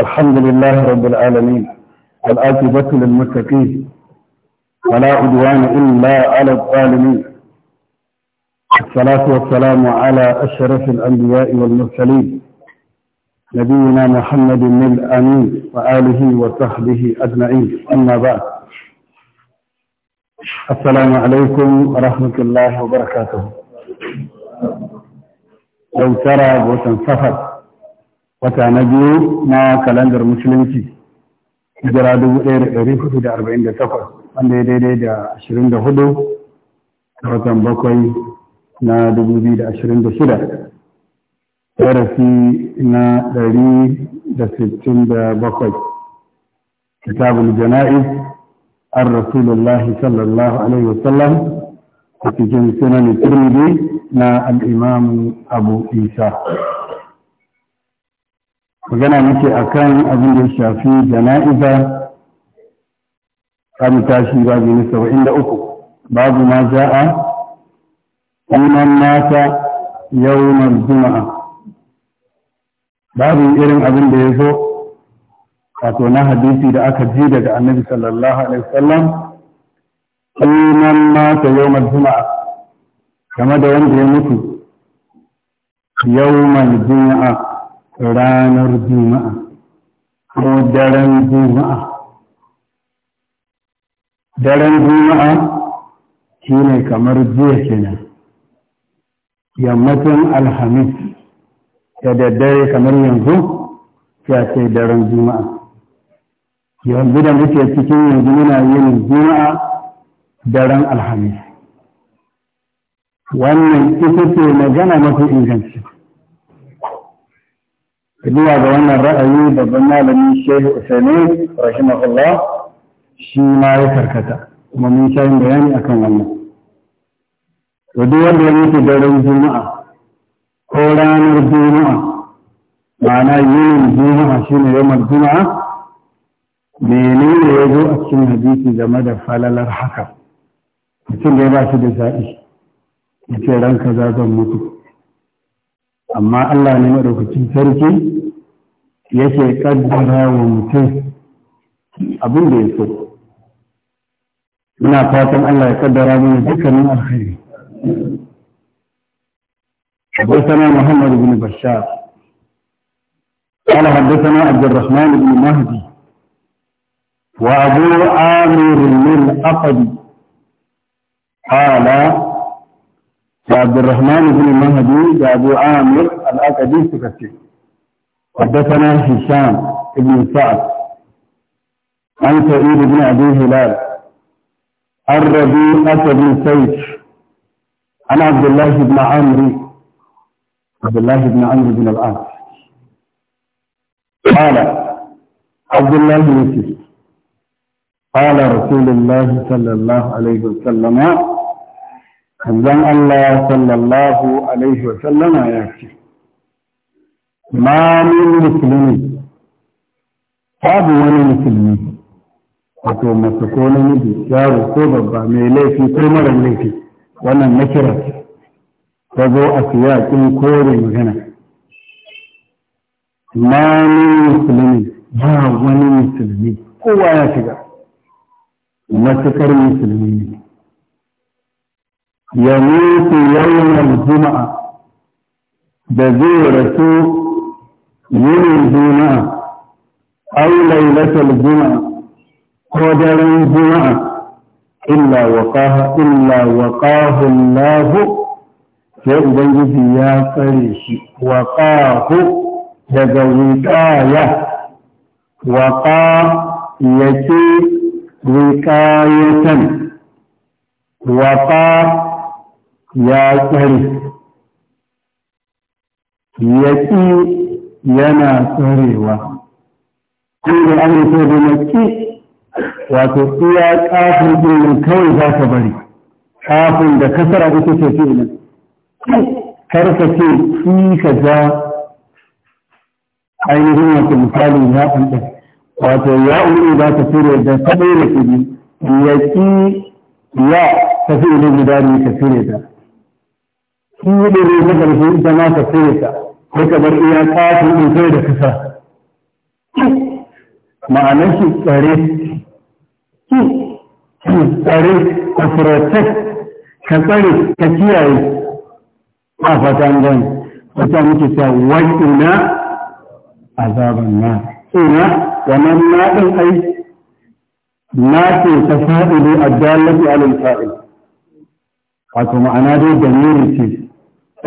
الحمد لله رب العالمين والآتبة للمتقين ولا عدوان إلا على الظالمين الصلاة والسلام على أشرف الأنبياء والمرسلين نبينا محمد بن الأمين وآله وصحبه أجمعين أما بعد السلام عليكم ورحمة الله وبركاته لو ترى وتنصفت wata na biyu na kalandar musulunci hijira 1448 wanda ya daidai da 24 watan bakwai na 2026 tarafi na 167 kitabul jana'iz an rasulullahi sallallahu alaihi wasallam a cikin sunan turmidi na al'imamu abu isa magana muke akan abin da ya shafi jana'iza kan tashi babu na saba'in da uku babu ma za'a sunan mata yau yawon juma'a babu irin abin da ya zo wato na hadisi da aka ji daga annabi sallallahu alaihi wasallam sunan mata yawon juma'a game da wanda ya mutu yau yawon juma'a ranar juma'a ko daren juma'a daren juma'a shi ne kamar jiya kenan yammacin alhamis da daddare kamar yanzu ya ce daren juma'a yanzu da muke cikin yanzu muna yin juma'a daren alhamis wannan ita ce magana mafi inganci zuwa ga wannan ra'ayi babban malami shehu usaini rahimahullah shi ma ya karkata kuma mun sha yin bayani akan wannan to duk wanda ya mutu daren juma'a ko ranar juma'a ma'ana yin juma'a shine yawan juma'a ne ya zo a cikin hadisi game da falalar haka mutum da ya ba shi da zaɓi ya ce ranka za zan mutu amma Allah ne madaukakin sarki yake kaddara wa mutum abin da ya so muna fatan Allah ya kaddara mana dukkanin alkhairi حدثنا محمد بن بشار قال حدثنا عبد الرحمن بن مهدي وابو عامر الأقدي قال عبد الرحمن بن المهدي da عامر الأكدي سكتي حدثنا هشام بن سعد عن سعيد بن ابي هلال الربيع بن سيف عن عبد الله بن عمرو عبد الله بن عمرو بن العاص قال عبد الله بن سيف قال رسول الله صلى الله عليه وسلم manzon Allah sallallahu alaihi wa sallama ya ce ma min musulmi babu wani musulmi wato masu ko miji yaro ko babba mai laifi ko mara laifi wannan na ce ta zo a siyakin kore magana ma min musulmi ba wani musulmi kowa ya shiga matuƙar musulmi ne yamutu yawmal juma'a da zai rasu yinin juma'a aw lailatal juma'a ko daren juma'a illa waqaha illa waqahu Allah sai ubangiji ya tsare shi waqahu daga wiqaya waqa yake wiqayatan ya tsare ya ƙi yana tsarewa inda an rufe da ƙi wato iya ƙafin ɗin kawai za ka bari ƙafin da kasara ita ce ce nan kar ka ce ƙi ka ja ainihin wato misali ya ɗanɗa wato ya ɗanɗa za ka cire da kaɗai da ƙibi ya ƙi ya tafi ilin gida ka cire da shi ne ne na ƙarshe ita ma ka sai ta sai ka bar iya kafin in sai da kusa ma'anar shi tsare tsare ka protect ka tsare ka kiyaye a fatan gani wata muke ina wa'ina azaban na ina wannan na ɗin ai na ce ta fa'ilu a dalatu alal fa'il wato ma'ana dai da ce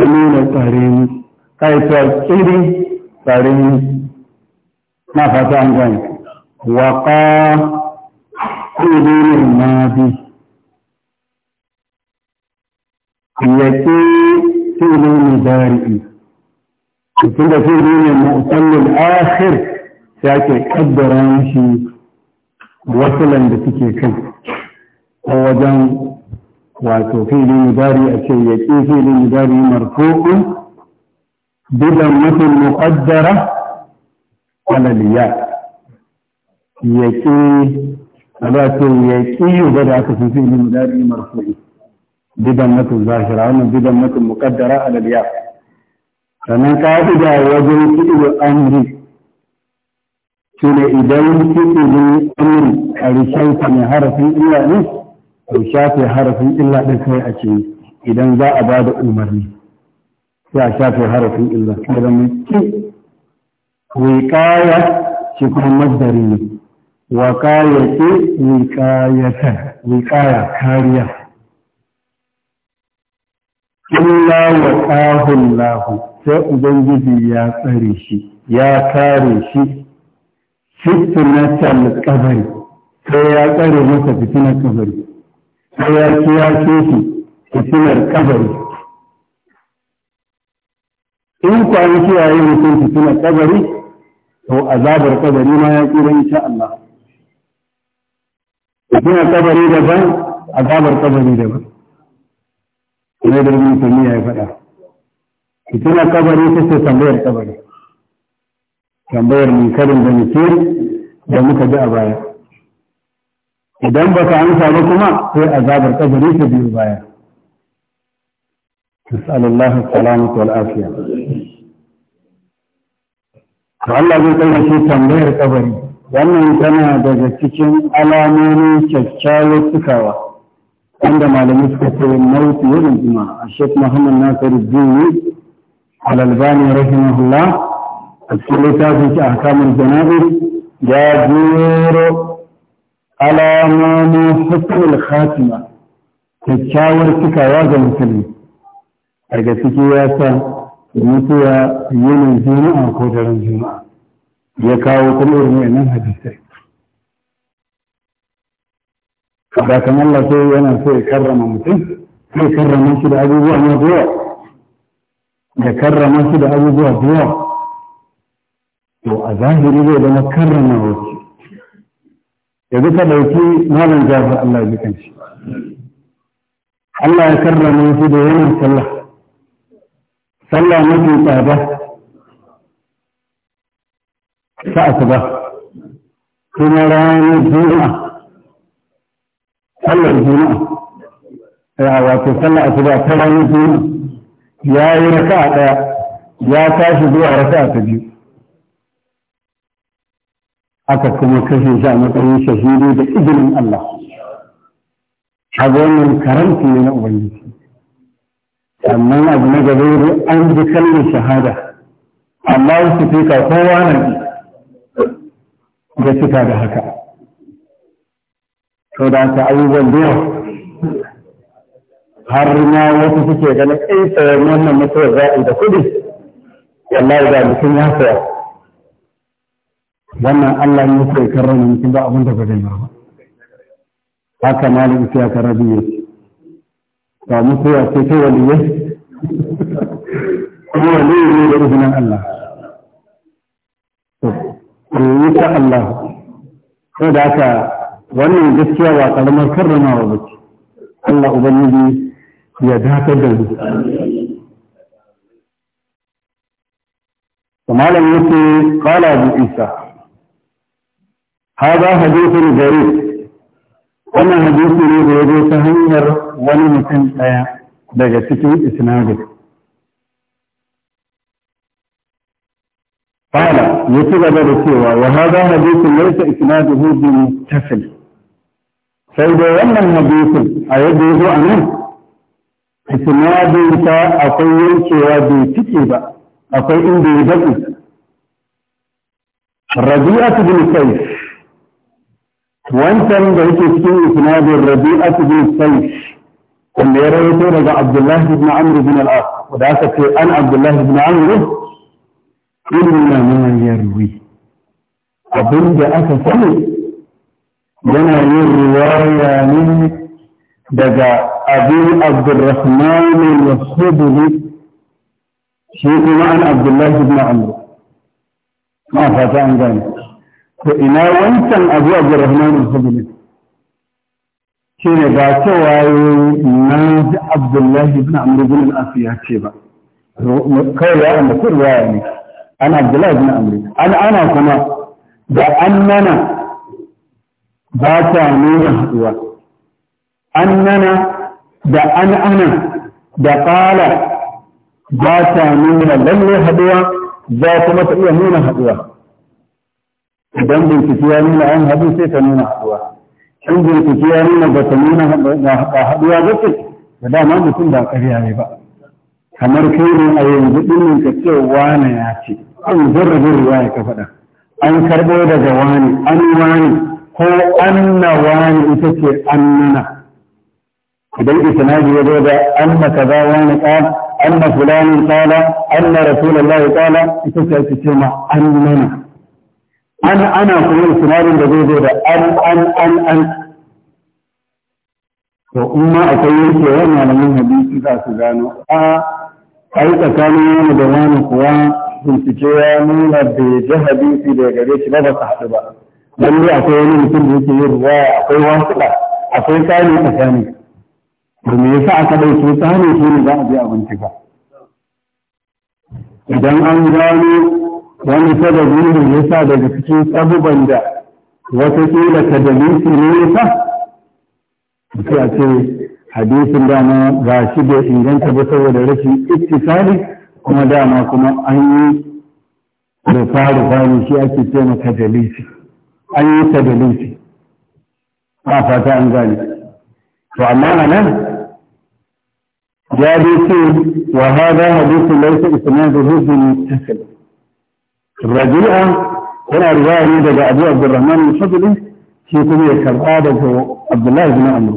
nuna tsareni kaifar tsiri tsareni na fata an gani waƙa ƙudurin nabi yake tsiri zari'i cikin da tsiri ne mu'tallin akhir ya ke kaddara shi wasu da suke kai a wajen wato filin mudari a ce ya ƙi filin mudari marfu'un bidan mutum muƙaddara alaliya ya ƙi a za ce ya ƙi yuga da aka fi filin mudari marfu'un bidan mutum zahira wannan bidan mutum muƙaddara alaliya sannan ka'ida wajen fi'il amri shi ne idan fi'il amri a rishensa sami harafin illa ko shafe harafin illa ɗin kai a ce idan za a ba da umarni sai a shafe harafin illa daga mai ki wiƙaya shi kuma masdari ne wa kaya ce wiƙayata wiƙaya kariya illa wa ƙahun lahu sai ubangiji ya tsare shi ya kare shi fitnatal kabari sai ya tsare masa fitinar kabari sai ya ce ya ce shi fitinar kabari in kwanaki ya yi mutum fitinar kabari to azabar kabari ma ya tsira sha Allah fitinar kabari daban azabar kabari daban Ina da rubin ya faɗa fitinar kabari ta ce tambayar kabari tambayar karin da mutum da muka ji a baya idan ba ka amsa ba kuma sai azabar kabari ta biyu baya nas'alullahu salamata wal afiya to Allah zai kai shi tambayar kabari wannan tana daga cikin alamomin kyakkyawar tukawa wanda malami suka ce mautu yadda juma a shek muhammad nasiru dini al-albani rahimahullah a cikin littafin shi a kamar jana'ir ya jero alamomin hukumar khatima kyakkyawar cikawa ga musulmi a gaske ya sa mutuwa yinin juma'a ko daren juma'a ya kawo kuma irin wannan hadisai da kan Allah sai yana so ya karrama mutum sai karrama shi da abubuwa na zuwa da karrama shi da abubuwa zuwa to a zahiri zai zama karrama wasu yanzu ka dauki malam jafar Allah ya kan shi Allah ya karrama shi da yawan sallah sallah mafi tsada ta asuba kuma ranar juma'a sallar juma'a ya wato sallar asuba ta ranar juma'a ya yi raka'a daya ya tashi zuwa raka'a ta biyu aka kuma kashe shi a matsayin shahidu da izinin Allah kaga wannan karanti ne na ubangiji sannan abu na gaba an ji kallon shahada amma wasu fi ka kowa na ji cika da haka to da ta abubuwan biyar har ma wasu suke ganin kai eh, tsayen wannan mutuwar za'i da kudi wallahi da mutum ya saya wannan Allah ne yake karrama mutum ba abin da ba zai ba haka da ya karabi ya ce ba mutu ya ce kai wani yai kuma wani ne da izinin Allah Kuma yi ta Allah ko da haka wannan gaskiya ba karamar karramawa ba ce Allah ubangiji ya dakar da mu malam yake qala abu isa هذا حديث غريب wannan حديث ne da ya zo ta hanyar wani mutum قال يتبع بسيوة وهذا حديث ليس إسناده بمتصل فإذا ولى الحديث أيده أنه إسناده أقول كوابي تكيبا أقول إن بيبقى ربيعة بن سيف wancan da yake cikin isnadin rabi'atu bin sayf wanda ya rawaito daga abdullahi ibn amr bin al-as da aka ce an abdullahi ibn amr inna ma yarwi abinda aka sani yana yin riwaya ne daga abin abdurrahman al-subuli shi kuma an abdullahi ibn amr ma fata an gane ko ina wancan abu abdurrahman al-hajjali shi ne ba cewa na ji abdullahi ibn amr ibn al-as ya ce ba kawai ya ambaci riwaya ne an abdullahi ibn amr an ana kuma da an nana ba ta nuna haduwa an nana da an ana da kala ba ta nuna lalle haduwa za kuma ta iya nuna haduwa idan bincike ya nuna an haɗu sai ta nuna haɗuwa in bincike ya nuna ba ta nuna haɗuwa ba ce da dama mutum ba ƙarya ne ba kamar kai ne a yanzu ɗinnin ka ce wane ya ce an zurra zurra ya ka faɗa an karɓo daga wani an wani ko anna wani ita ce an nuna idan isnadi ya zo da an na kaza wani ƙala an na fulani ƙala an na rasulallah ƙala ita ce ake ce ma an nuna an ana kuma sunarin da zai zo da an an an an to in ma akwai yanke wa malamin hadisi za su gano a ai tsakanin wani da wani kuwa bincike ya nuna da ji hadisi daga gare shi ba ba su haɗu ba lalle akwai wani mutum da yake yin ruwa, akwai wasuɗa akwai tsari tsakani to me yasa aka ɗauke tsani shi ne za a je a bincika idan an gano wani sababi ne sa daga cikin tsabuban da wata kila ka dalisi ne yasa sai a ce hadisin dama ga shi bai inganta ba saboda rashin ittisali kuma dama kuma an yi rufa rufa ne shi ake ce maka dalisi an yi ta dalisi ba fata an gane to amma a nan ya dai ce wa hada hadisin laisa isnaduhu bi muttasil rabi'a yana riwaya daga abu abdurrahman al-fadli shi kuma ya karba daga abdullahi bin amr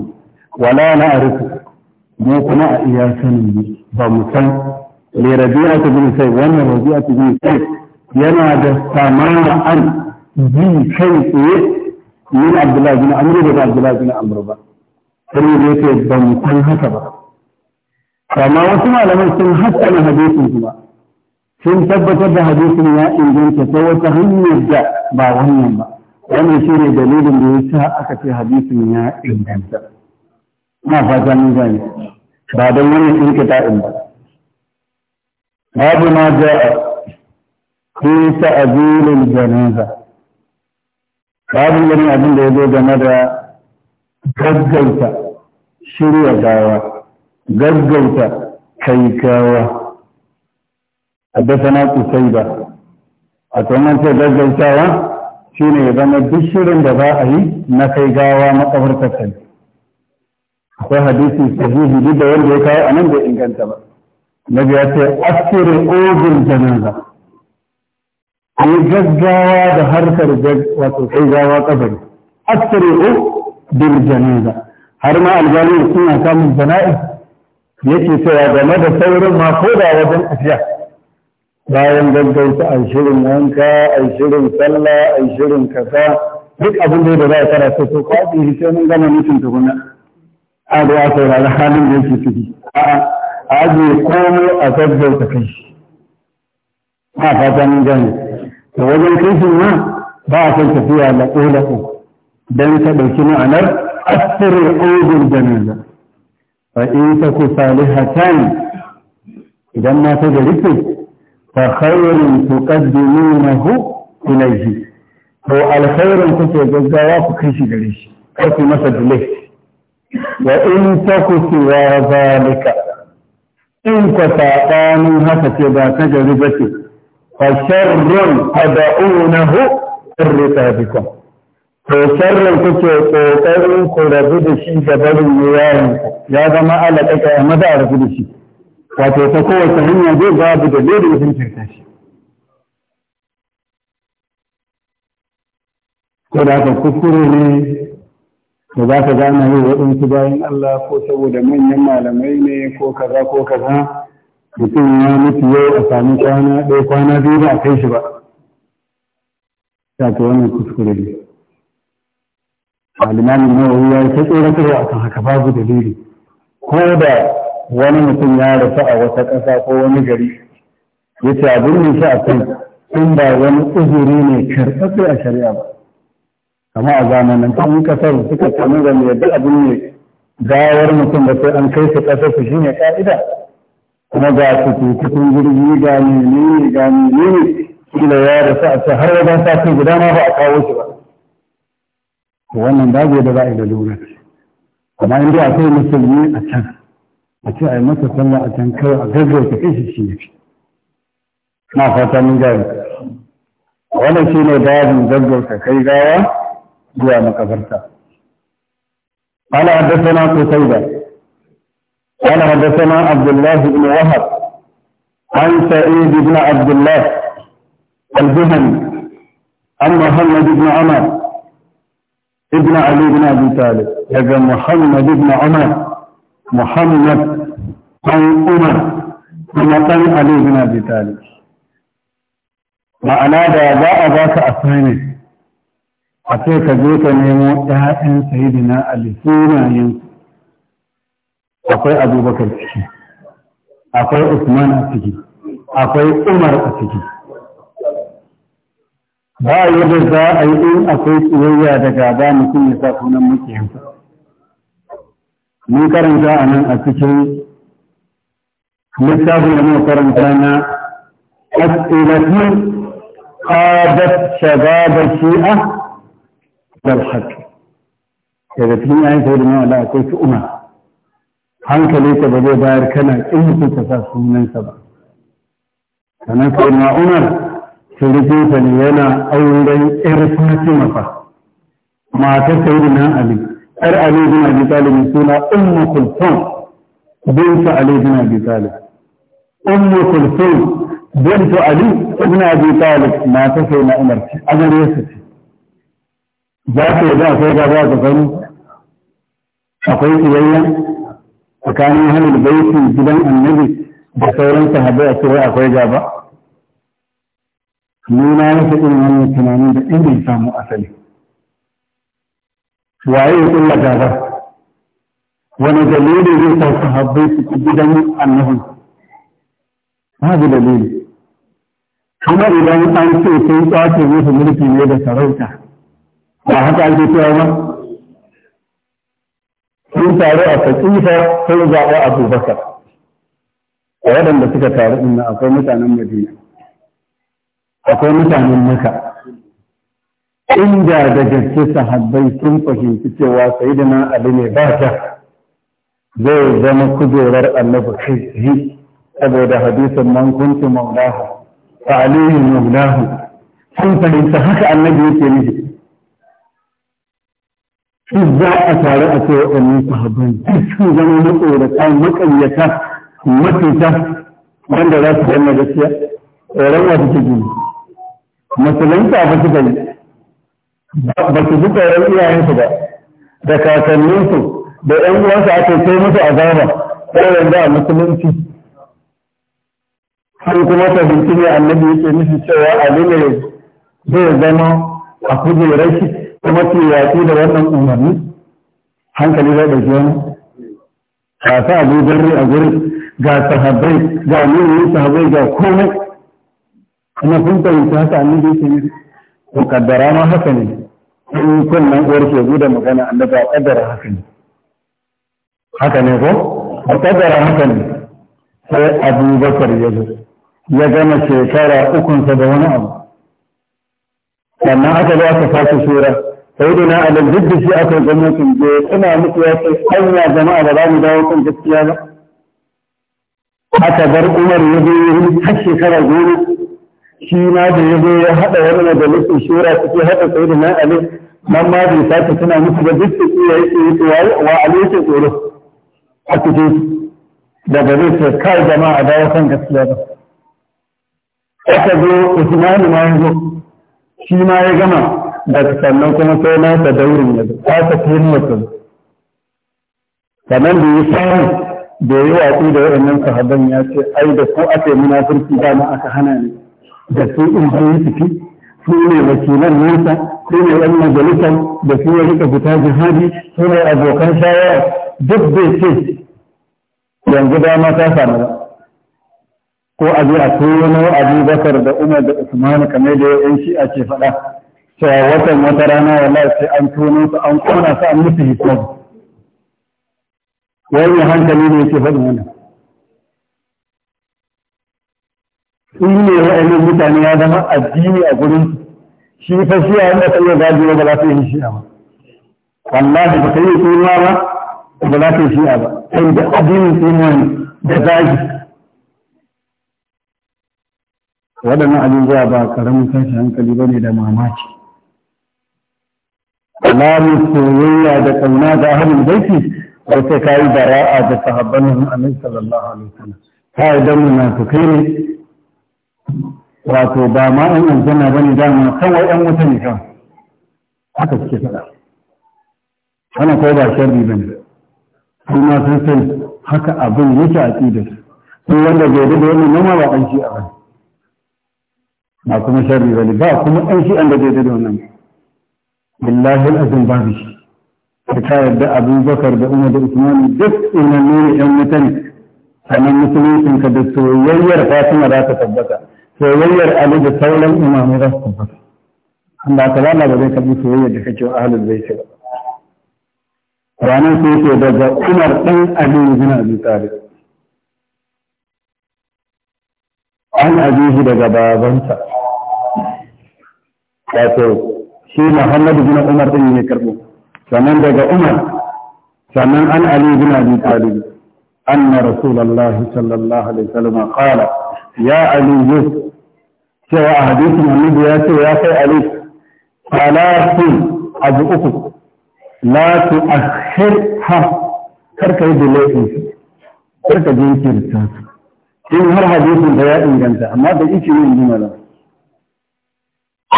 wala na arifu mu kuma a iya sanin mu ba mu san le rabi'a ta bin sai wannan rabi'a ta bin sai yana da samara an bi kai tsaye min abdullahi bin amr daga abdullahi bin amr ba sai ne ce ba mu san haka ba amma wasu malamai sun hassana hadisin kuma sun tabbatar da hadisin ya inganta ta wata hanyar da ba wannan ba wannan shi ne dalilin da ya sa aka ce hadisin ya inganta na fata mun gani. ba don wannan in ka in ba babu ma ku ta ta'dilil janaza babu wani abin da ya zo game da gaggauta shirya gawa gaggauta kai gawa حدثنا قتيبة أتمنى تجزل سوا شين يبنى بشر دبائي yi غاوى مقبر تسل وحديثي صحيح جدا يلقى أنا بإن كنت بقى nabi ya ce asiri ogin janaza yi gaggawa da harkar wato gaggawa kabari asiri ogin janaza har ma albani suna samun jana'i yake cewa game da saurin ma ko wajen tafiya bayan gaggauta a shirin wanka a shirin sallah a shirin kasa duk abin da za a karanta to kwaɗi shi sai mun gama mutum tukuna a da ya saurari halin da yake ciki a ajiye komai a gaggauta kai shi ba a fata mun gane to wajen kai shi ma ba a san tafiya da ƙolaƙo Dan ta ɗauki ma'anar asirin ƙogin janaza fa in ta ku salihatan idan ta da rike فخير تقدمونه إليه to alkhairin kuke gaggawa ku kai shi gare shi kar ku masa delay wa in taku siwa zalika in ku saɓanin haka ce ba ta gari ba ce fa sharrun tad'unahu irrita bikum to sharrin kuke kokarin ku rabu da shi da barin yayin ya zama alaka amma da rabu shi wato ta kowace hanya zai babu da zai da mutuncin tashi ko da haka kuskure ne da za ka gana yi waɗansu bayan Allah ko saboda manyan malamai ne ko kaza ko kaza mutum ya mutu yau a sami kwana ɗaya kwana biyu ba a kai shi ba ta ta wannan kuskure ne malumanin nawawi ya yi ta tsoratarwa akan haka babu dalili ko da wani mutum ya rasu a wata ƙasa ko wani gari ya ce abin da shi a kai in ba wani uzuri ne karɓaɓɓe a shari'a ba kama a zamanin kan kasar suka tsamu da mai yadda abin ne gawar mutum da sai an kai su ƙasar su shine ƙa'ida kuma ga su tututun jirgi ga menene ga menene kila ya rasu a ce har wajen sati guda ma ba a kawo shi ba wannan babu da za a yi da lura amma in dai akwai musulmi a can أتعي متى صلى أتنكر أتنكر إيش الشيخ ما فاتا من ذلك ولا شيء لدار من ذلك كي قاوة جوا مكفرتا قال حدثنا قتيبة قال حدثنا عبد الله بن وهب عن سعيد بن عبد الله البهم عن محمد بن عمر ابن علي بن ابي طالب هذا محمد بن عمر muhammad ɗan umar kuma ɗan ali bin abi talib ma'ana da za a ba ka assignment a ce ka je ka nemo ‘ya'yan sayidina ali sunayen akwai abubakar ciki akwai usman a ciki akwai umar a ciki ba yadda za a yi in akwai tsoyayya da gaba mutum ya sa sunan yanzu. mun karanta a nan a cikin littafin da muka karanta na as'ilatu qadat shabab shi'a wal haqq daga cikin ayin sai da mu Allah akwai tu'uma hankali ka ba zai bayar kana kin mutum ka sa sunansa ba sannan sai na Umar surukinsa ne yana auren ƴar Fatima fa matar Sayyidina Ali har Ali bin Abi Talib suna Ummu Kulthum bint Ali bin Abi Talib Ummu Kulthum bint Ali ibn Abi Talib na ta sai na Umar a gare su ce za ta yi za sai ga za ta gani akwai kiyayya tsakanin halin baitin gidan annabi da sauran sahabbai a cewa akwai gaba ni na rasa irin wannan tunanin da inda ya samu asali waye ya kulla gaba wani dalili zai sauka sahabbai su ci gidan annabi babu dalili kuma idan an ce sun kwace musu mulki ne da sarauta ba haka ake cewa ba sun taru a fasifa sun zaɓa abubakar a waɗanda suka taru ɗin akwai mutanen madina akwai mutanen maka inda da gaske sahabbai sun fahimci cewa sai da na abu ne ba ta zai zama kujerar annabi kai saboda hadisin man kuntu maulahu fa alihi maulahu sun fahimci haka annabi yake miji. shi za a tare a ce waɗannan sahabban sun zama matsorata maƙaryata matuta wanda za su zama gaskiya tsoron wasu cikin musulunta ba su gani ba su duka ran iyayensu ba da kakanninsu da 'yan uwansu ake kai musu azaba sai yanzu a musulunci har kuma fahimci ne annabi yake nufi cewa abu ne zai zama a kujerar shi kuma ke yaƙi da wannan umarni hankali zai ɗauki wani ka sa abu zarri a gurin ga sahabbai ga nuna sahabbai ga komai kuma sun fahimci haka annabi yake nufi ko kaddara ma haka ne in kunnan uwar ke guda magana annabi a kaddara haka ne haka ne ko a kaddara haka ne sai abubakar ya zo ya gama shekara ukunsa da wani abu sannan aka zo aka sake shura sai da na alal shi aka gwamnatin je ina muku ya ce hanya jama'a ba za mu dawo kan gaskiya ba aka bar umar ya zo yi har shekara goma shi ma da ya zo ya haɗa wani majalisar shura suke haɗa sai da nan ali nan ma bai sake tana musu da duk su ya yake yi wa ali yake tsoro a cikin daga zai ce kai jama'a a dawo kan gaskiya ba aka zo usmanu ma ya zo shi ma ya gama daga sannan kuma sai na ta daurin ya zo ta ta kai mutum sannan da ya samu da ya yi watsi da waɗannan sahabban ya ce ai da ko aka yi ba ma aka hana ni da su in bayan ciki su ne wakilan nasa su ne yan majalisar da su ya rika fita jihadi su ne abokan shawara duk bai ce yanzu dama ta samu ba ko a je a tono abu bakar da umar da usman kamar da yan shi a ce faɗa cewa watan wata rana wallahi sai an tono su an kona su an musu hisabu wani hankali ne yake faɗin wannan shi ne wa'annan mutane ya zama addini a gurin shi fa shi a wanda kai gaji ba za ta yi shi'a ba wallahi ba kai kuma ba ba za ta yi shi'a ba sai da addinin kuma ne da zagi waɗannan abubuwa ba karamin tashi hankali ba ne da mamaki alamun soyayya da ƙauna ga ahalin baiti wata kayi bara'a da sahabban nan annabi sallallahu alaihi wasallam ta yi dan munafikai ne wato ba ma ɗan aljanna ba ne dama kawai ɗan wata ne kawai haka suke faɗa wannan kawai ba sharri ba ne kuma sun san haka abin yake a ƙidar su wanda bai da wani nama ba ɗan shi'a ba ba kuma sharri ba ne ba kuma ɗan an da bai da wannan billahi al'azim babu shi da ta yarda abubakar da umar da usmani duk ina nuna yan mutane sannan musuluncin ka da soyayyar fatima za ta tabbata soyayyar Ali da sauran imamai za su tabbata ta lana ba zai karbi soyayyar da kake wa zai ce ba ranar sai ce daga Umar ɗan Ali zina Abi tare, an shi daga babansa wato shi Muhammadu bin Umar ɗin ne karɓo sannan daga Umar sannan an Ali bin Abi Talib anna Rasulullah sallallahu alaihi wasallam qala ya aliyu cewa a hadisin annabi ya ce ya kai ali talatin abu uku la tu akhirha karka yi dalatin karka jinkirta in har hadisin da ya inganta amma da ishi ne inji mala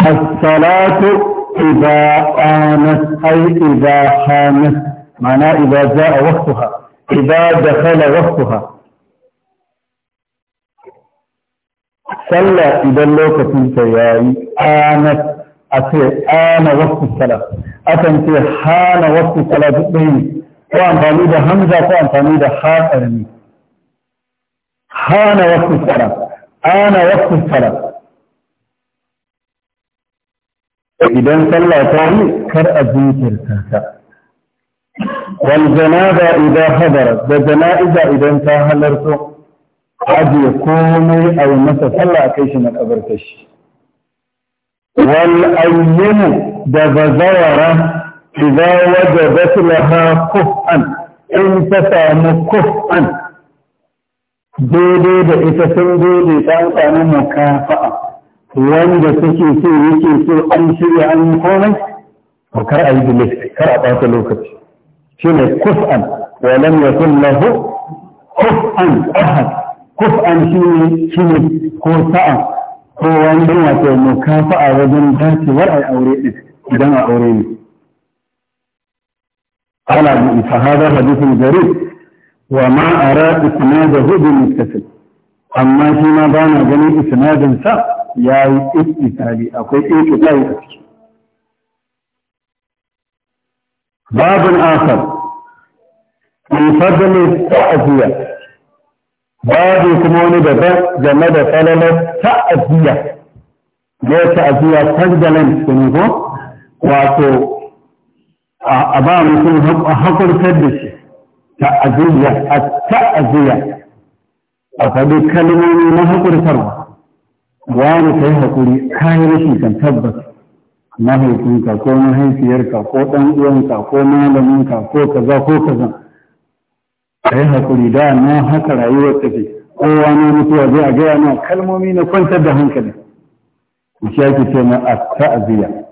as-salatu idza anat ay idza hanat ma'ana idza jaa waqtaha idza dakhala waqtaha sallah idan lokacin ta yayi ana a ce ana wasu sala akan ce hana wasu sala duk ɗaya ne ko amfani da hamza ko amfani da haɗar ne hana wasu sala ana wasu sala idan sallah ta yi kar a jinkirta ta wal janaza idan hadara da jana'iza idan ta halarto ajiye komai a yi masa sallah a kai shi makabarta shi wal ayyamu da bazawara idza wajabat laha kuf'an in ta samu kuf'an daidai da ita sun dole ta samu makafa'a wanda suke so yake so an shirya an yi komai kar a yi delay kar a ɓata lokaci shine kuf'an wa ya yakun lahu kuf'an ahad kuf'an shi ne shi ne ko sa'a ko wani don wato mukafa'a wajen dacewar a aure ɗin idan a aure ne. قال فهذا حديث جرير وما أرى إسناده بالمتصل أما فيما بان جميع إسنادا سا يا إسنادي أقول إيه كتاب باب آخر من فضل التعزية babu kuma wani daban game da falalar ta'aziyya ne ta'aziyya tangalan sun ko wato a ba mutum hakurtar da shi ta'aziyya a ta'aziyya a faɗi kalmomi na hakurtarwa wani ka yi haƙuri kayan rashin kan tabbas mahaifinka ko mahaifiyarka ko ɗan uwanka ko malaminka ko kaza ko kaza a yi haƙuri da na haka rayuwar tafi kowa na mutuwa zai a gaya na kalmomi na kwantar da hankali shi ake ce na ta'aziyya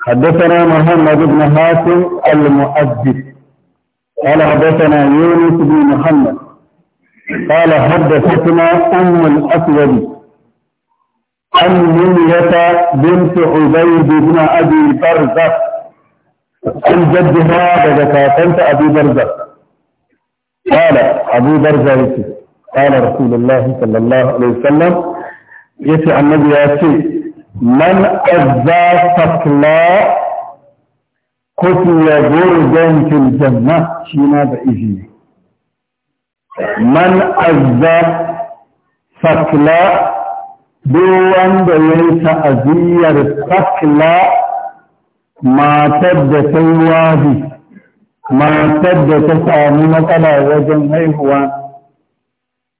حدثنا محمد بن حاتم المؤدب قال حدثنا يونس بن محمد قال حدثتنا أم الأسود عن منية بنت عبيد بن أبي برزة an jaddiha daga kakanta abu barza kala abu barza yake kala rasulullah sallallahu alaihi wasallam yace annabi ya ce man azza fakla ya gurdan fil janna shi na da izini man azza fakla duk wanda ya yi ta'aziyar fakla matar da ta yi wabi matar da ta samu matsala wajen haihuwa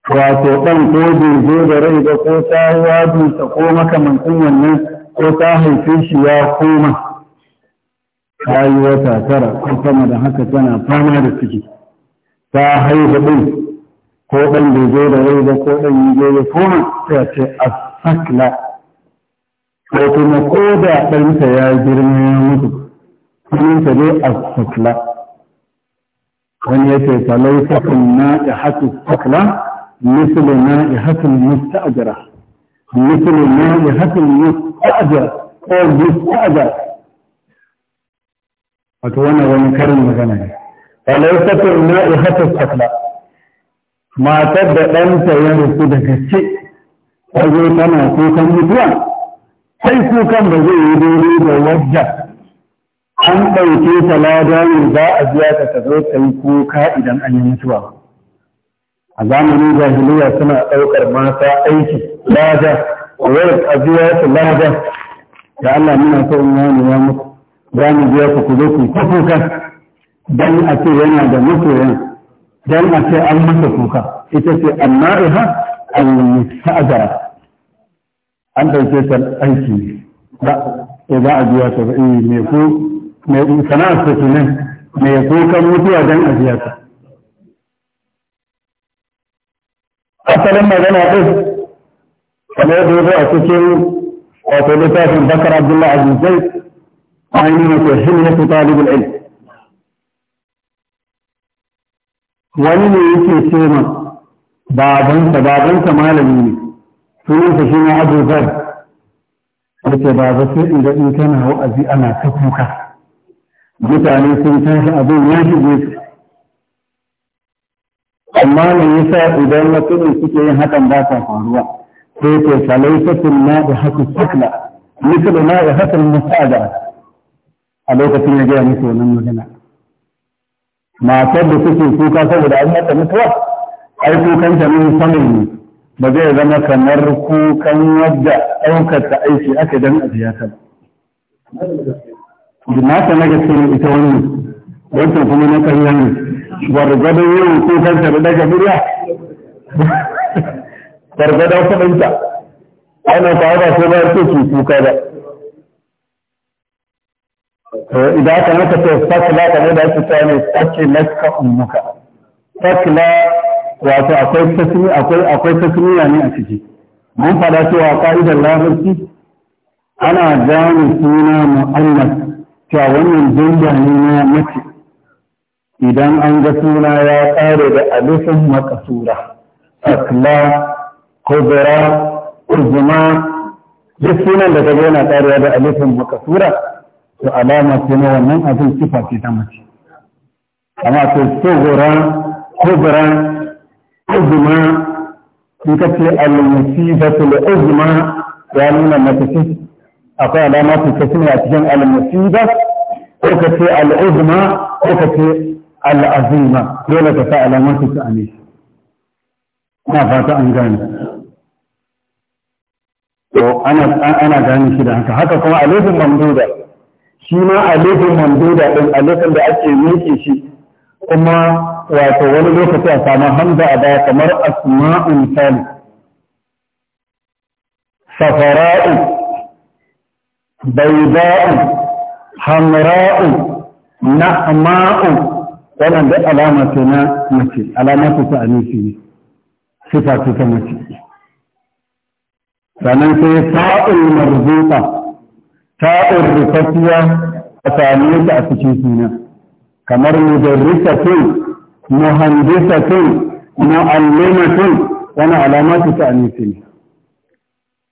wato ɗan ko zo da rai ba ko ta wabi ta ko makamantin wannan ko ta haife shi ya koma ta yi wata tara ko sama da haka tana fama da ciki ta haifa ɗin ko ɗan zo da rai ba ko ɗan yi zo ya koma ta ce a sakla ko kuma ko da ɗansa ya girma ya mutu sunansa ne a sakla wani ya ce falai sakun na ya hatu sakla misali na ya hatu jira. misali na ya hatu musta'ajira ko musta'ajira wato wannan wani karin magana ne falai sakun na ya hatu sakla matar da ɗansa ya mutu daga ce ta zo tana kukan mutuwa sai kukan ba zai yi daidai da wadda an ɗauke ta lada ne za a biya ta ta zo ta yi kuka idan an yi mutuwa a zamanin jahiliya suna ɗaukar mata aiki lada wayar a biya ta lada da Allah muna so in wani ya mutu za mu biya ku ku ku ta kuka dan a ce yana da yan dan a ce an masa kuka ita ce amma al-musta'zara an ɗauke ta aiki ba za a biya ta ba'i eh me ko me sana'ar ta kenan me ko kan mutuwa don a biya ta asalin magana ɗin, kamar yadda zo a cikin wato littafin bakar abdullahi azizai nuna ko himmatu libin ɗin. wani ne yake ce ma babansa babansa malami ne sunansa shi ne abubuwan yake ba ba sai inda in kana wa'azi ana ta kuka mutane sun tashi abin ya shige su amma me yasa idan mutum suke yin hakan ba ta faruwa sai ke salaifatul ma da haku sakla misal ma da hakan musada a lokacin ya gaya musu wannan magana matar da suke kuka saboda an mata mutuwa ai kukan ta ne sanin ne ba zai zama kamar kukan wadda ɗaukar aiki aka dan a biya ta jimata na gaske ne ita wannan wancan kuma na ƙarya ne gwargwadon yawan kukan ta da daga murya gwargwadon kuɗinta ana kawo ba ko ba ce ki kuka ba idan aka maka ce sakla kamar da ake cewa ne sakla ka ummuka sakla wato akwai tasmi akwai akwai tasmi ne a ciki mun fada cewa qaidar lafarki ana gane suna mu'annas cewa wannan jinja ne na mace idan an ga suna ya kare da alifin makasura akla kubra uzma duk sunan da kaga yana tsarewa da alifin makasura to alama ce na wannan abin sifa ce ta mace amma to kubra kubra uzma in ka ce al-musibatul uzma ya nuna mace akwai alama ta kashi ne a cikin al-musiba ko ka ce al-uzma ko ka ce al-azima dole ka sa alamar ta ne ina fata an gane to ana gane shi da haka haka kuma alifin mamduda shi ma alifin mamduda din alifin da ake miƙe shi kuma wato wani lokaci a samu hamza a baya kamar asma'un sani safara'u bayda'u hamra'u na'ma'u wannan duk alama ce na mace alama ce ta aminci ne sifa ce ta mace sannan sai sa'ul marzuqa ta'ur rifatiya a same ta a cikin sunan kamar mudarrisatun muhandisatun mu'allimatun wani alamatu ta aminci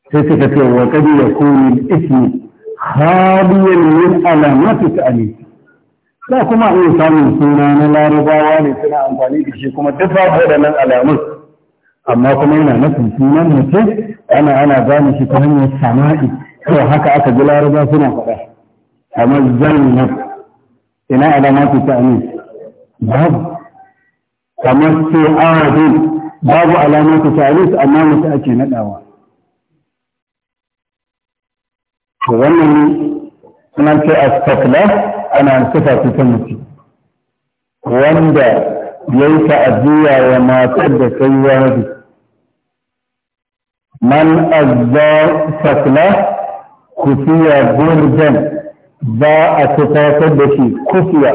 sai suka ce wa kadi yakunu ismi hadiyan min alamatu ta aminci da kuma an samun suna na larabawa ne suna amfani da shi kuma duk babu waɗannan alamun amma kuma yana nufin sunan mutum ana ana gane shi ta hanyar sama'i to haka aka ji laraba suna faɗa kamar zainab ina alamatu ta amin babu kamar sai arabin babu alamatu ta amin amma mutu ake naɗawa to wannan suna ce a stafla ana sifa su ta mutu wanda ya yi ta'aziyya wa matar da kai wani man azza ku kusiya gurgen ba a tufatar da shi kufiya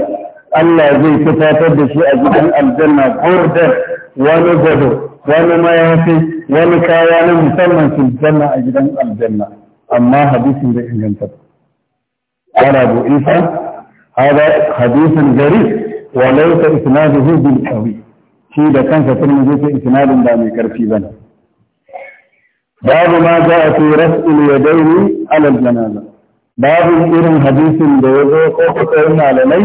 Allah zai tufatar da shi a cikin aljanna gordon wani gado wani mayafi wani kaya na musamman su janna a gidan aljanna amma hadisin zai inganta قال أبو عيسى هذا حديث غريب وليس إسناده بالقوي shi da kansa turmi zai ce isnadin ba mai karfi bane babu ma za a fi raf'il yadaini alal janaza babu irin hadisin da ya zo ko kuka malamai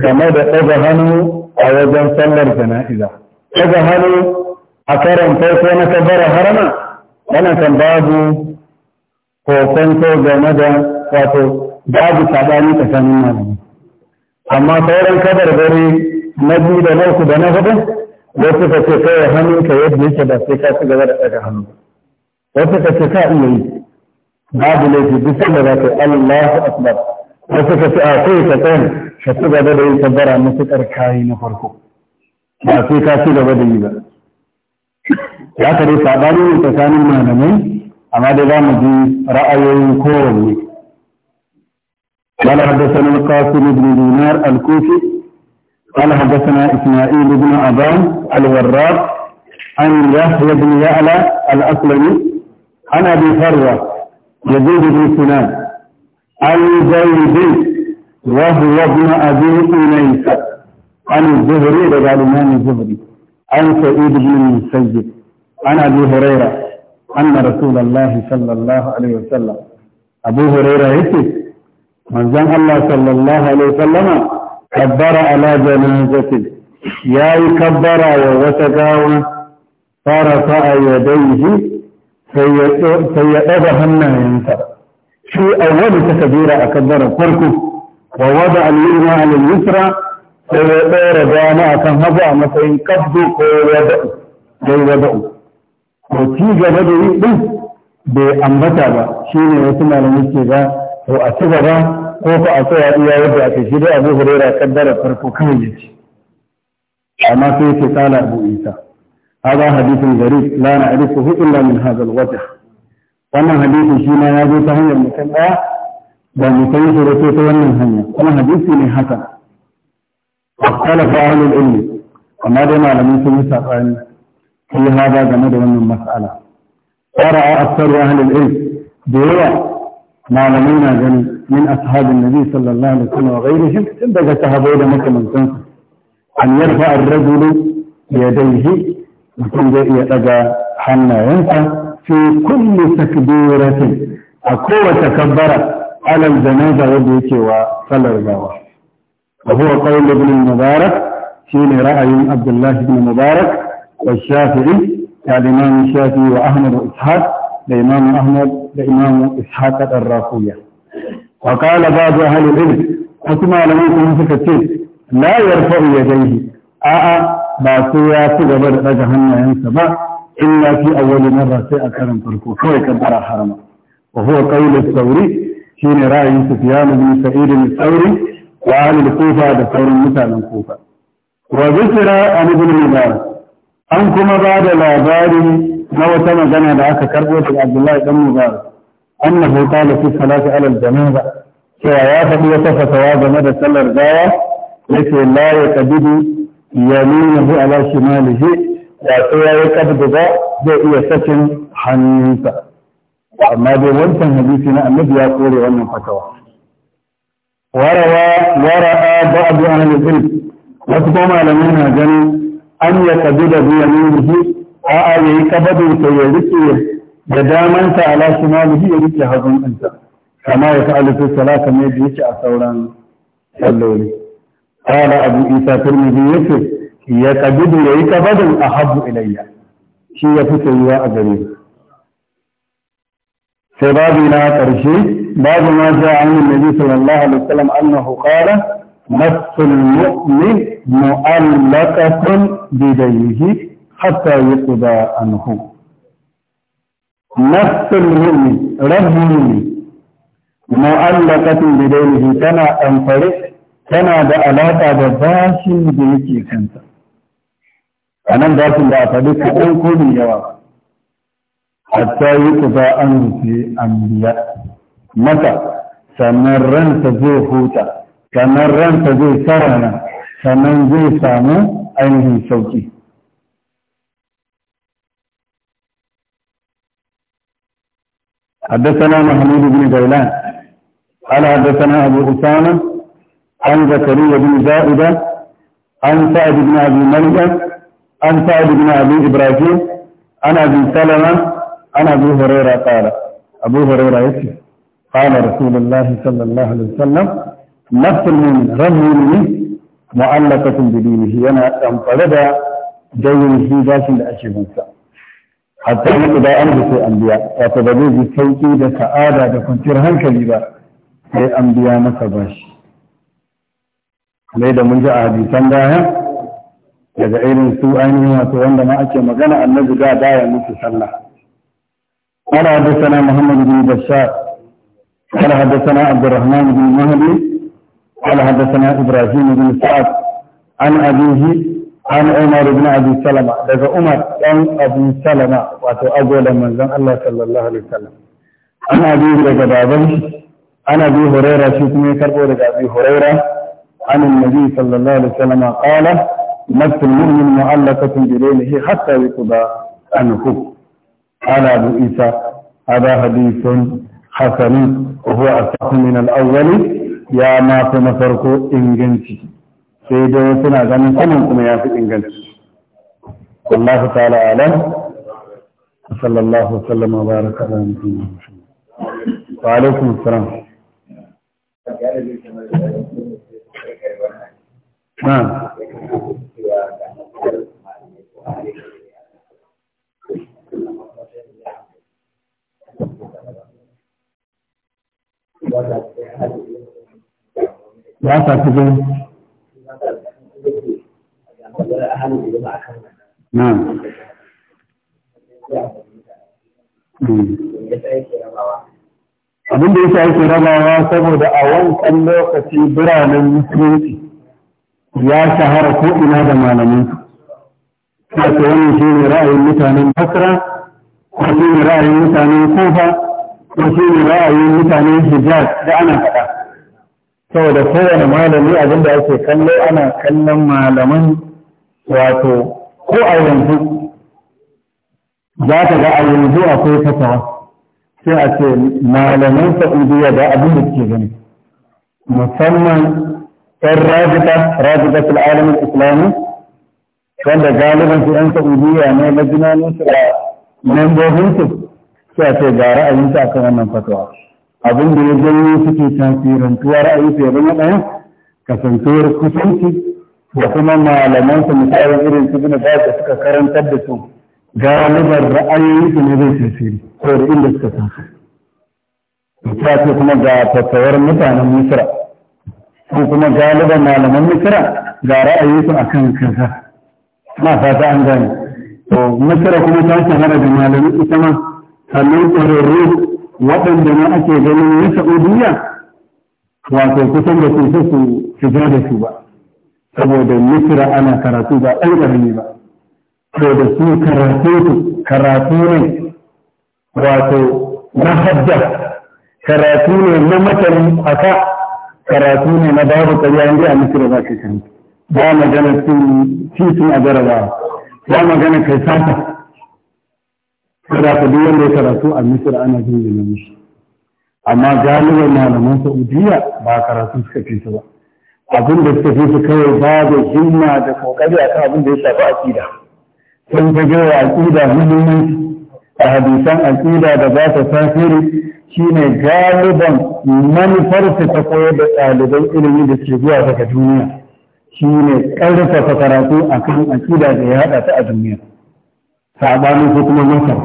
game da ɗaga hannu a wajen sallar jana'iza ɗaga hannu a karan farko na kabbara harama wannan kan babu kokonto game da wato babu saɓani tsakanin malamai amma sauran kabar gari na biyu da na uku da na hudu da ka ce kawai ka yadda yake da sai ka ci gaba da ɗaga hannu wasu ka ce ka iya yi بعد الذي الله أكبر فسك في أعطيك تن شكوك بدأي تبرا مسك أركاهي نفركو باقي كاسي لبدأي با يا كري صعباني من تساني مهنمي أما دي مجي رأيي كوري قال حدثنا القاسم بن دينار الكوفي قال حدثنا إسماعيل بن أبان الوراق عن يحيى بن يعلى الأصلي عن أبي فروة يزيد بن سنان الزيدي وهو ابن أبي أنيس عن الزهري لدى الإمام الزهري عن سعيد بن المسيب عن أبي هريرة أن رسول الله صلى الله عليه وسلم أبو هريرة يسي من زم الله صلى الله عليه وسلم كبر على جنازته يا يكبر ووتقاوى فرفع يديه sai ya ɗaga hannayensa shi ta Kabira a kabbara farko wa wada al-yumna al-yusra sai ya ɗora dama akan hagu a matsayin kabdu ko wada'u dai wada'u ko ci gaba da yi din bai ambata ba shine wasu malamai ke ga to a ci gaba ko ko a tsaya iya yadda ake shi dai Abu Hurairah kaddara farko kawai ya ce amma sai ya ce kala Abu Isa هذا حديث غريب لا نعرفه إلا من هذا الوجه وما حديث فيما يجي تهي المكلا آه، بني تيس رسيطة ومن وما حديث من حسن واختلف أهل العلم وما دم على من سيسا قائم في هذا جمد من المسألة ورأى أكثر أهل العلم دعوة معلمين جميع من أصحاب النبي صلى الله عليه وسلم وغيرهم إن بجتها بولا مكة من أن يرفع الرجل بيديه mutum zai iya daga hannayensa fi kulli takbiratin a kowace kabbara alal janaza da yake wa salar gawa wa huwa qawl ibn mubarak shine ra'ayin abdullahi ibn mubarak wa shafi'i da imam shafi'i wa ahmad wa ishaq da imam ahmad da imam ishaq ar-rafiya wa qala ba'd ahli al-ilm wasu malaman kuma suka ce la yarfa'u yadayhi a'a ba sai ya fi gaba da ɗaga hannayensa ba illa fi awwali marra sai a karin farko kawai kabbara harama wa huwa qawlu sauri shine ra'ayin sufyan bin sa'id bin sauri wa ahli kufa da sauran mutanen kufa wa zikra an ibn mubarak an kuma ba da labari na wata magana da aka karbo daga abdullahi dan mubarak annahu qala fi salati ala al-janaza cewa ya faɗi wata fasawa game da sallar gawa yake la ya يمينه على شماله وفيه كبدك زي يسكن حنيفة وما دي ونسن هديثنا أمد يقول عنه فتوى وروا ورأى بعض عن الإسلام وطبما لمنها جنو أن يكبد بيمينه وآيه كبد تيريكي جداما على شماله يريكي حظم أنت كما يفعل في الصلاة ميديك أثورا صلوا عليه قال أبو إيسا ترمذي يسر يتجد بدل أحب إلي شي يفتر يا أبريد سباب لا ترشي بعد ما جاء عن النبي صلى الله عليه وسلم أنه قال نفس المؤمن مؤلقة بديه حتى يقضى عنه نفس المؤمن رب المؤمن مؤلقة بديه كما أنفرح tana da alaƙa da bashin da yake kanta a nan bashin da a faɗi kaɗan ko mai yawa ta yi za an rufe an biya mata sannan ranta zai huta sannan ranta zai sarana sannan zai samu ainihin sauki حدثنا محمود بن غيلان قال حدثنا ابو اسامه عن زكريا بن زائدة عن سعد بن أبي مليكة عن سعد بن أبي إبراهيم عن أبي سلمة عن أبي هريرة قال أبو هريرة يسلم قال رسول الله صلى الله عليه وسلم نفس المؤمن رب المؤمن معلقة بدينه أنا أنفرد جوي في ذات الأشهر hatta muku da an sai an biya wato ba zai ji sauki da sa'ada da kwanciyar hankali ba sai an biya masa bashi mai da mun ji a hadisan baya daga irin su ainihin wato wanda ma ake magana annabi ga da ya mutu sallah qala hadathana Muhammadu bin bashar qala hadathana abdurrahman bin mahdi qala hadathana ibrahim bin sa'ad an abihi an umar bin abi salama daga umar dan abu salama wato agola manzan allah sallallahu alaihi wasallam an abihi daga baban ana abi huraira shi kuma ya karbo daga abi huraira عن النبي صلى الله عليه وسلم قال نفس المؤمن معلقة بليله حتى يقضى عنه قال أبو عيسى هذا حديث حسن وهو أصح من الأول يا ما في فرقوا إنجنسي سيدي وسنا غنم سنن كما يا في إنجنسي والله تعالى أعلم صلى الله وسلم وبارك على نبينا محمد وعليكم السلام ba sa cikin na hmm. abin da ake rabawa saboda a wancan lokaci biranen musulunci ya shahara ko ina da malamin su ce wani shi ne ra'ayin mutanen basra ko shi ne ra'ayin mutanen kufa ko shi ne ra'ayin mutanen hijaz da ana faɗa saboda kowane malami abin da ake kallo ana kallon malaman wato ko a yanzu za ka ga a yanzu akwai fatawa sai a ce malaman sa'udiyya da abin da ke gani musamman فالرابطة رابطة العالم الإسلامي كان غالبا في أن تؤدي أن يمجنا نسرى من بوهنسف كأسي جارة أنت أكبر من فتوى أظن بيجي في تنسير انتوى رأيي في أبنى أه كسنسير كسنسي وكما ما علمان سمسائل إرين سبنا بعد أسكا كرن تبسو غالبا رأيي في نبي سنسير خور إلا سكتنسي وكما جاء تطور مثلا من سرى ko kuma galiban malaman misira ga ra'ayinsu a kan kaza na fata an gani. to misira kuma ta har da malamin ita ma sannan ƙwararru waɗanda ma ake ganin na sa'udiyya wato kusan da kusa su shiga da su ba saboda misira ana karatu ba ɗan ƙarami ba to da su karatu su karatu ne wato na hadda karatu ne na matan aka karatu ne na babu ƙarya yanzu a miki da zaka kan ba magana cin titin a jarabawa. ba magana kai sata kada ka duk wanda ya karatu a misir ana jin da mishi amma galibin malaman saudiya ba karatu suka fi su ba abin da suka fi su kawai babu himma da kokari a kan abin da ya shafi aƙida sun ta gaya aƙida muhimmanci a hadisan aƙida da za ta shi shine galiban manufarsu ta koyar da ɗaliban ilimi da ke zuwa daga duniya shine ƙarfafa karatu a kan aƙida da ya haɗa ta a duniya saɓanin ko kuma masar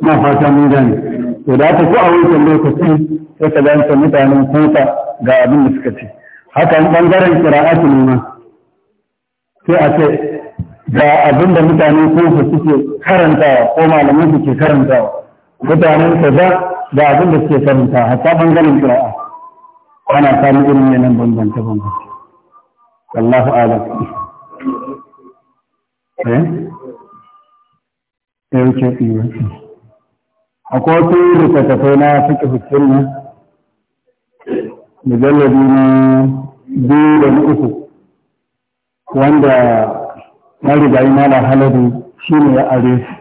na fata mun gane to da ta ko a wancan lokaci sai ka mutanen kusa ga abin da suka ce hakan ɓangaren kira'atu ne ma sai a ce Da abin da mutane kofa suke karantawa ko malaman su ke karantawa mutanen kaza ga abin da suke karanta hatta bangaren qira'a ana samun irin yanan bambanta bambanta Allahu a'lam eh eh ke iya akwai wasu rikatafai na fiƙi fikin nan mujallabi na biyu da na uku wanda na rigayi mala haladu shi ne ya are su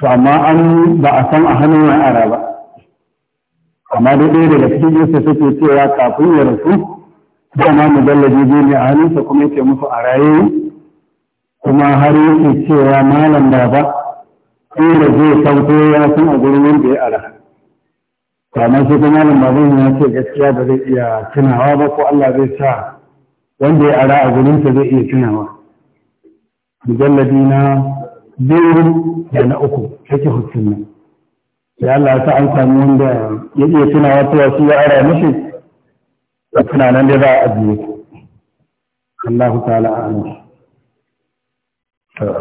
to amma an ba a san a hannun ya ara ba amma da ɗaya daga cikin yasa suke cewa kafin ya rasu dama mujallabi biyu ne a hannunsa kuma yake musu a raye kuma har yake cewa malam da ba inda zai san ya san a gurin wanda ya ara to amma shi kuma malam baban ya ce gaskiya ba zai iya tunawa ba ko Allah zai sa wanda ya ara a gurinsa zai iya tunawa mujalladi na biyu da na uku take hussunna ya Allah ta an sami wanda ya iya tunawa cewa shi ya ara mishi da tunanan da za a ajiye Allah ta'ala a'lam